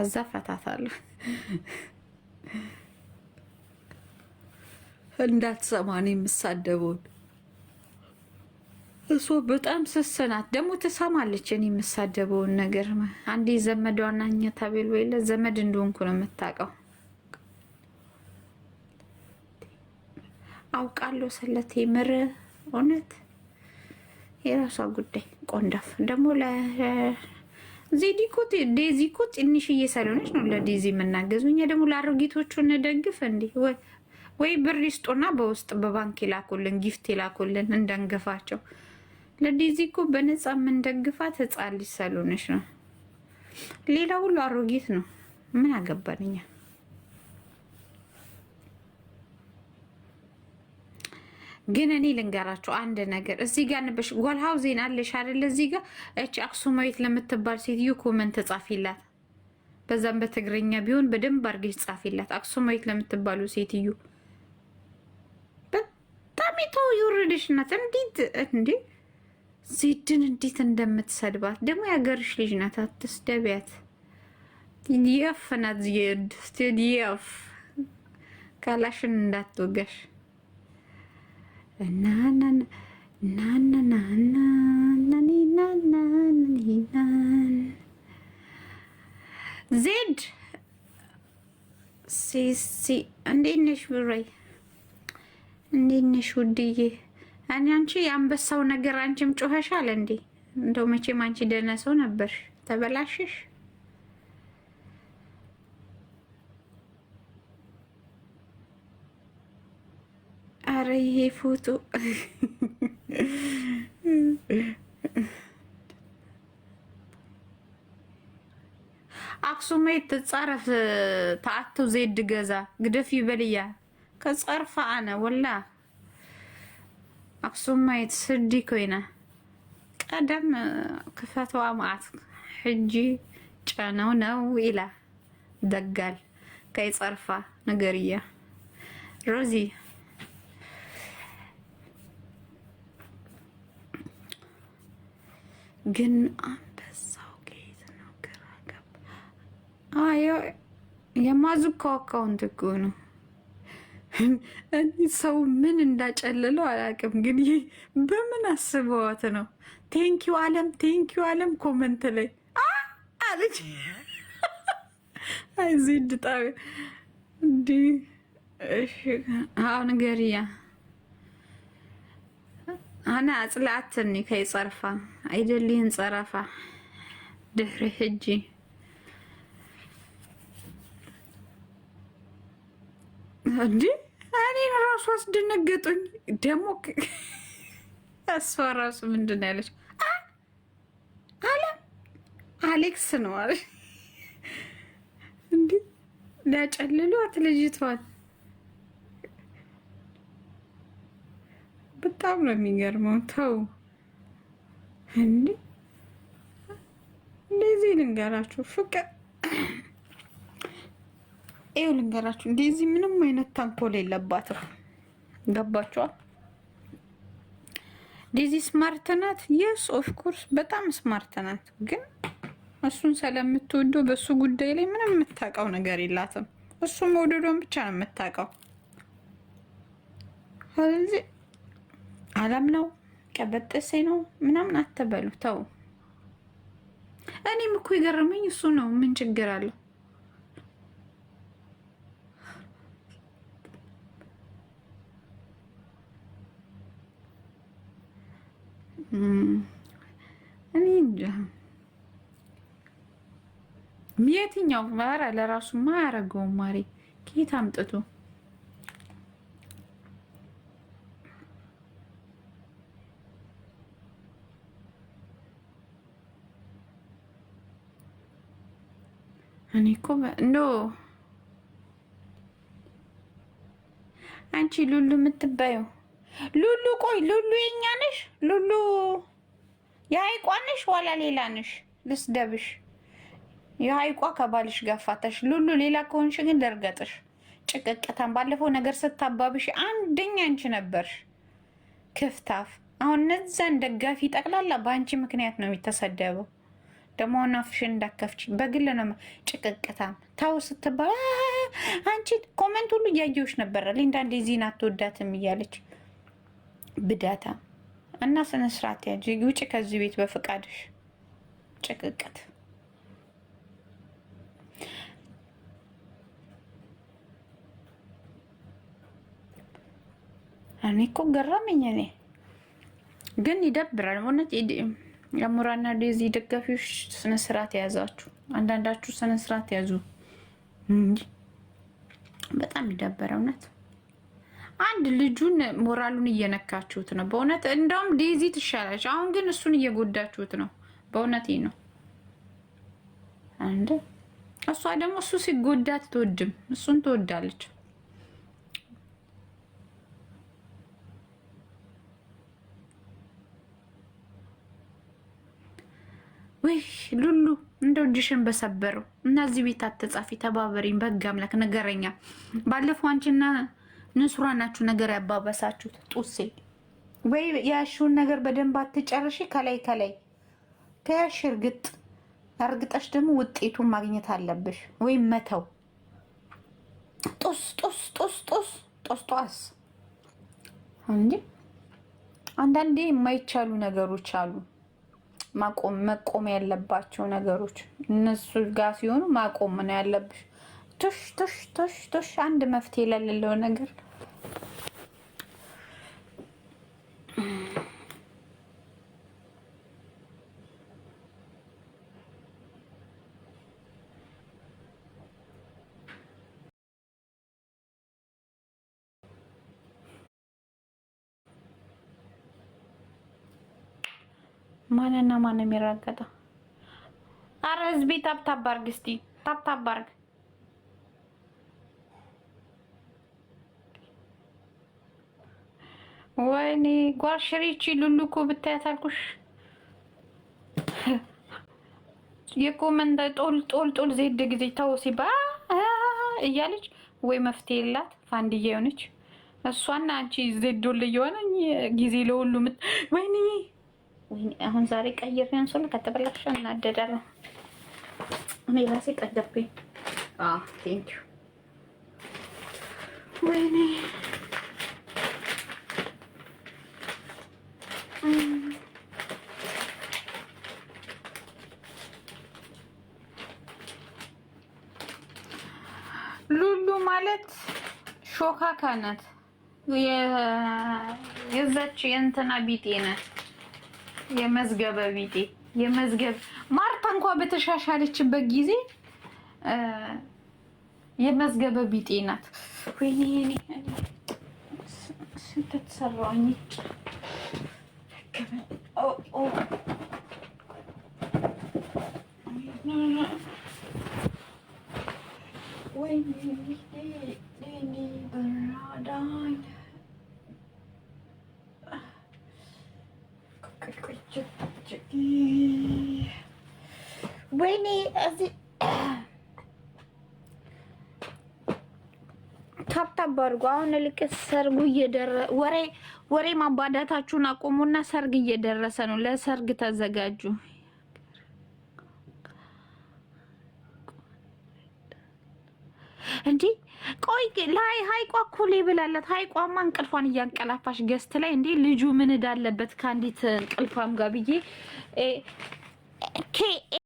ከዛ ፈታታለሁ። እንዳትሰማን የምሳደበውን እሷ በጣም ስስ ናት። ደግሞ ትሰማለች እኔ የምሳደበውን ነገር። አንዴ ዘመድ ዋናኛ ታቤል ወይለ ዘመድ እንደሆንኩ ነው የምታውቀው። አውቃለሁ ስለቴ ምር እውነት የራሷ ጉዳይ ቆንዳፍ ደግሞ ዜዲ እኮ ዴዚ እኮ ትንሽዬ ሳልሆነች ነው ለዴዚ የምናገዙ እኛ ደግሞ ለአሮጊቶቹ እንደግፍ። እንዲ ወይ ብር ይስጡና በውስጥ በባንክ ይላኩልን፣ ጊፍት ይላኩልን እንደንገፋቸው። ለዴዚ እኮ በነፃ የምንደግፋት ህፃን ልጅ ሳልሆነች ነው። ሌላ ሁሉ አሮጊት ነው። ምን አገባን እኛ? ግን እኔ ልንገራቸው አንድ ነገር እዚህ ጋር ንበሽ ጎልሃው ዜና አለሽ አይደለ? እዚህ ጋር እች አክሱማዊት ለምትባል ሴትዮ ኮመንት ጻፊላት። በዛም በትግርኛ ቢሆን በደንብ አርገሽ ጻፊላት። አክሱማዊት ለምትባሉ ሴትዮ በጣም የተው የወረደሽ ናት። እንዴት እንዴ ዜድን እንዴት እንደምትሰድባት ደግሞ የሀገርሽ ልጅ ናት። አትስደቢያት። የፍ ናት ዜድ ስቴድ የፍ ካላሽን እንዳትወጋሽ ዜድ ሲሲ እንዴት ነሽ? ብራይ እንዴት ነሽ ውድዬ? እኔ አንቺ የአንበሳው ነገር አንቺም ጮኸሻል እንዴ? እንደው መቼም አንቺ ደህና ሰው ነበርሽ፣ ተበላሽሽ። አረ ይሄ ፎቶ አክሱሜት ትጻረፍ ተአቱ ዜድ ገዛ ግደፍ ይበልያ ከጻርፋ አነ ወላ አክሱሜት ስዲ ኮይና ቀደም ክፈትዋ መዓት ሕጂ ጨነው ነው ኢላ ደጋል ከይጸርፋ ነገርያ ሮዚ ግን አንበሳው ጌት ነው። ግራ ገባ። የማዙኮ አካውንት እኮ ነው። እኔ ሰው ምን እንዳጨለለው አላውቅም፣ ግን ይህ በምን አስበዋት ነው? ቴንኪዩ አለም፣ ቴንኪው አለም ኮመንት ላይ አለች። አይዚ ድጣ እንዲ አሁን ገሪያ ኣነ ኣፅላዓተኒ ከይፀርፋ ኣይደሊህን ፀረፋ ድሕሪ ሕጂ እንዲ እኔ ራሱ አስደነገጡኝ። ደግሞ እሷ ራሱ ምንድን ያለች አለ አሌክስ ነው አለ እንዲ ዳጨልሏት ልጅቷን በጣም ነው የሚገርመው። ተው እንዲ እንደዚህ ልንገራችሁ ፍቅር ይኸው ልንገራችሁ፣ እንደዚህ ምንም አይነት ተንኮል የለባትም። ገባችኋል? ዲዚ ስማርት ናት። የስ ኦፍ ኮርስ በጣም ስማርት ናት። ግን እሱን ስለምትወደው በሱ ጉዳይ ላይ ምንም የምታውቀው ነገር የላትም። እሱ መውደዶን ብቻ ነው የምታውቀው። ስለዚህ አለም ነው ቀበጠሴ ነው ምናምን አትበሉ። ተው። እኔም እኮ የገረመኝ እሱ ነው። ምን ችግር አለው? እኔ እንጃ የትኛው ማራ ለራሱ ማያረገው ማሬ ኬት አምጥቶ እኔ እኮ እንዶ አንቺ ሉሉ የምትባየው ሉሉ፣ ቆይ ሉሉ የኛ ነሽ? ሉሉ የሀይቋ ነሽ ዋላ ሌላ ነሽ? ልስደብሽ። የሀይቋ ከባልሽ ጋፋታሽ ሉሉ፣ ሌላ ከሆንሽ ግን ደርገጥሽ ጭቅቅታን። ባለፈው ነገር ስታባብሽ አንደኛ አንቺ ነበርሽ ክፍታፍ። አሁን እነዛን ደጋፊ ጠቅላላ በአንቺ ምክንያት ነው የሚተሰደበው። ደግሞ አፍሽን እንዳከፍች በግል ነው ጭቅቅታም ታው ስትባል አንቺ ኮመንት ሁሉ እያየሁሽ ነበረ። ሊንዳ እንዴ ዚና አትወዳትም እያለች ብዳታ እና ስነስርዓት ያጅ ውጭ ከዚህ ቤት በፍቃድሽ ጭቅቅት እኔ እኮ ገረመኝ። እኔ ግን ይደብራል እውነት አሞራና ዴዚ ደጋፊዎች ስነስርዓት የያዛችሁ አንዳንዳችሁ ስነስርዓት ያዙ እንጂ በጣም ይደበረ እውነት አንድ ልጁን ሞራሉን እየነካችሁት ነው በእውነት እንደውም ዴዚ ትሻላች አሁን ግን እሱን እየጎዳችሁት ነው በእውነት ነው እሷ ደግሞ እሱ ሲጎዳ ትትወድም እሱን ትወዳለች ወይ ሉሉ እንደው እጅሽን በሰበረው እናዚህ ቤት አትጻፊ፣ ተባበሪኝ በህግ አምላክ ነገረኛ። ባለፈው አንቺና ንሱራ ናችሁ ነገር ያባበሳችሁት። ጡሴ ወይ ያሽውን ነገር በደንብ አትጨርሺ። ከላይ ከላይ ከያሽ እርግጥ እርግጠሽ ደግሞ ውጤቱን ማግኘት አለብሽ ወይም መተው። ጡስ ጡስ ጡስ ጡስ ጡስ ጧስ እንጂ አንዳንዴ የማይቻሉ ነገሮች አሉ። መቆም ያለባቸው ነገሮች እነሱ ጋር ሲሆኑ ማቆም ነው ያለብሽ። ቶሽ ቶሽ ቶሽ ቶሽ አንድ መፍትሄ ለሌለው ነገር ማንና ማን የሚራገጠው? አረ ህዝቤ ታብታብ አድርግ እስቲ ታብታብ አድርግ። ወይኔ ጓር ሽሪቺ ሉሉ እኮ ብታያት የኮመንት ጦል ጦል ጦል ዜድ ጊዜ ተው ሲባ እያለች ወይ መፍትሄ የላት ፋንድዬ የሆነች እሷና አንቺ ዜዶል እየሆነ ጊዜ ለሁሉ ምት ወይኔ አሁን ዛሬ ቀይር ያንሶል ከተበላሸ እናደዳለሁ። እኔ ራሴ ቀደብኝ። አ ቴንክ ዩ። ወይኔ ሉሉ ማለት ሾካካ ናት። የዛች የእንትና ቢጤ ናት። የመዝገበ ቢጤ የመዝገብ ማርታ እንኳ በተሻሻለችበት ጊዜ የመዝገበ ቢጤ ናት። ወይኔ ስንት ተሰራኝ ወይኔ እዚህ ታብታብ አድርጎ አሁን ልቅ ሰርጉ እየደረሰ ወሬ ወሬ ማባዳታችሁን አቆሙና ሰርግ እየደረሰ ነው። ለሰርግ ተዘጋጁ። እንዴ ቆይ ላይ ሀይቋ እኮ ሌብላለት ሀይቋማ እንቅልፏን እያንቀላፋሽ ገስት ላይ እንዴ ልጁ ምን እዳለበት ከአንዲት እንቅልፋም ጋር ብዬ